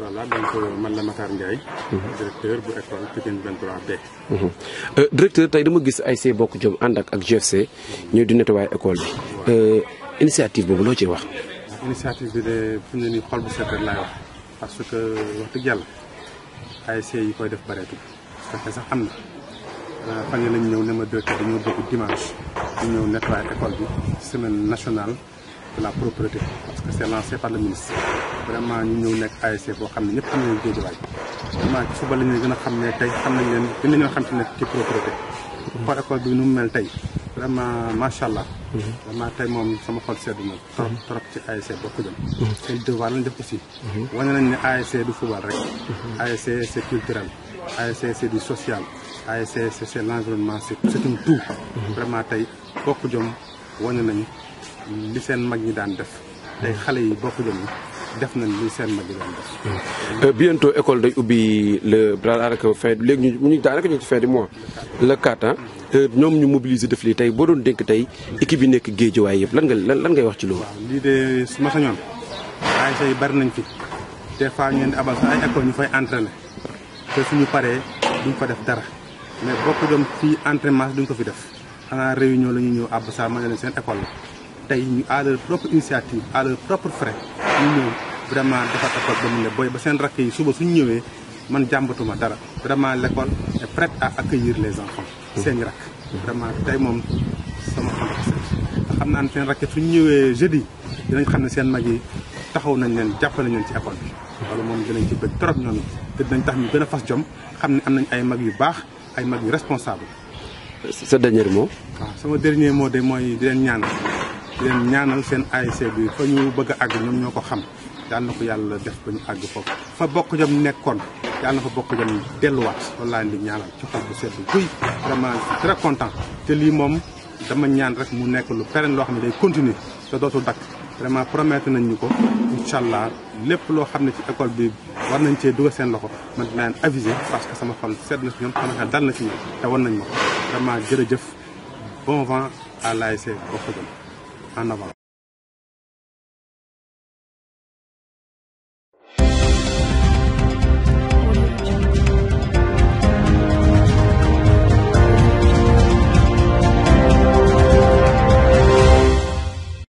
waa laa donc euh, man la Matar Ndiaye. Mhm. directeur bu école Pikine 23 mhm. euh, directeur tey dama gis ay see bokk jom ànd ak ak GFC ñëw di nettoyer école bi. Euh, initiative boobu loo ciy wax. initiative bi de fi mu ne xol bu set laay wax parce que wax dëgg yàlla yi koy def bareetul fexe sax am na fan lañ ñëw ne ma directeur dañoo bëgg dimanche ñu ñëw nettoyer école bi semaine nationale. de la propreté parce que c' est lancé par le ministre vraiment ñu ñëw nekk ASC boo xam ne ñëpp xam nañu Guédiawaye vraiment ci suba la ñu gën a xam ne tey xam nañ leen gën nañoo xam te ne ci propreté xool école bi nu mu mel tey vraiment macha allah. vraiment tey moom sama xool sedd na trop trop ci ASC boo ko jëm seen devoir lañ def aussi wane nañ ne ASC du football rek ASC c' est culturel ASC c' est du social ASC c' est l' environnement c' est tout vraiment tey bokk jom wane nañ li seen mag ñi daan def tey xale yi bokku ñu def nañ li seen mag ñi daan def. Euh, bientôt école day ubbi le daanaka fin léegi ñu ñu daanaka ñu ci fin du mois le 4 ah. Euh, ñoom ñu mobiliser def lii tey boo doon dénk tey équipe yi nekk géejewaay yëpp lan nga lan ngay wax ci loolu. waaw lii de su ma sañoon ASC yi bari nañ fi des fois ngeen leen di abal sa ay école ñu fay entraîné te suñu paree duñ fa def dara mais bokk doom fii entraînement duñ ko fi def xanaa réunion la ñuy ñëw àbb saa ma ne leen seen école la. tay ñu à leur propre initiative à leur propre frais ñu ñëw vraiment defar école ba mu boy ba seen rak yi suba suñu ñëwé man jambatuma dara vraiment l'école est prête à accueillir les enfants seen rak vraiment tay mom sama xam dafa xam naa seen rak suñu ñëwé jeudi dinañ xam ne seen mag yi taxaw nañ leen jàppale leen ci école wala mom dinañ ci bëgg trop ñoom te dinañ tax ñu gëna fas jom xam am nañ ay mag yu baax ay mag yu responsable sa dernier mot ah sama dernier mot de moy di leen ñaan leen ñaanal seen ASC bi fa ñu bëgg a ñoom ñoo ko xam yàlla na ko yàlla def ba ñu àgg foofu fa bokk jom nekkoon yàlla na fa bokk jom delluwaat loolu laa leen di ñaanal ci xol bu sedd buy vraiment très content te lii moom dama ñaan rek mu nekk lu pérenne loo xam ne day continuer te dootul dakk vraiment promettre nañ ñu ko incha allah lépp loo xam ne ci école bi war nañ cee dugal seen loxo man dinaa leen aviser parce que sama xol sedd na si ñoom sama xel dal na si ñoom te war nañ ma ko vraiment jërëjëf bon vent à l'ASC 看到吧。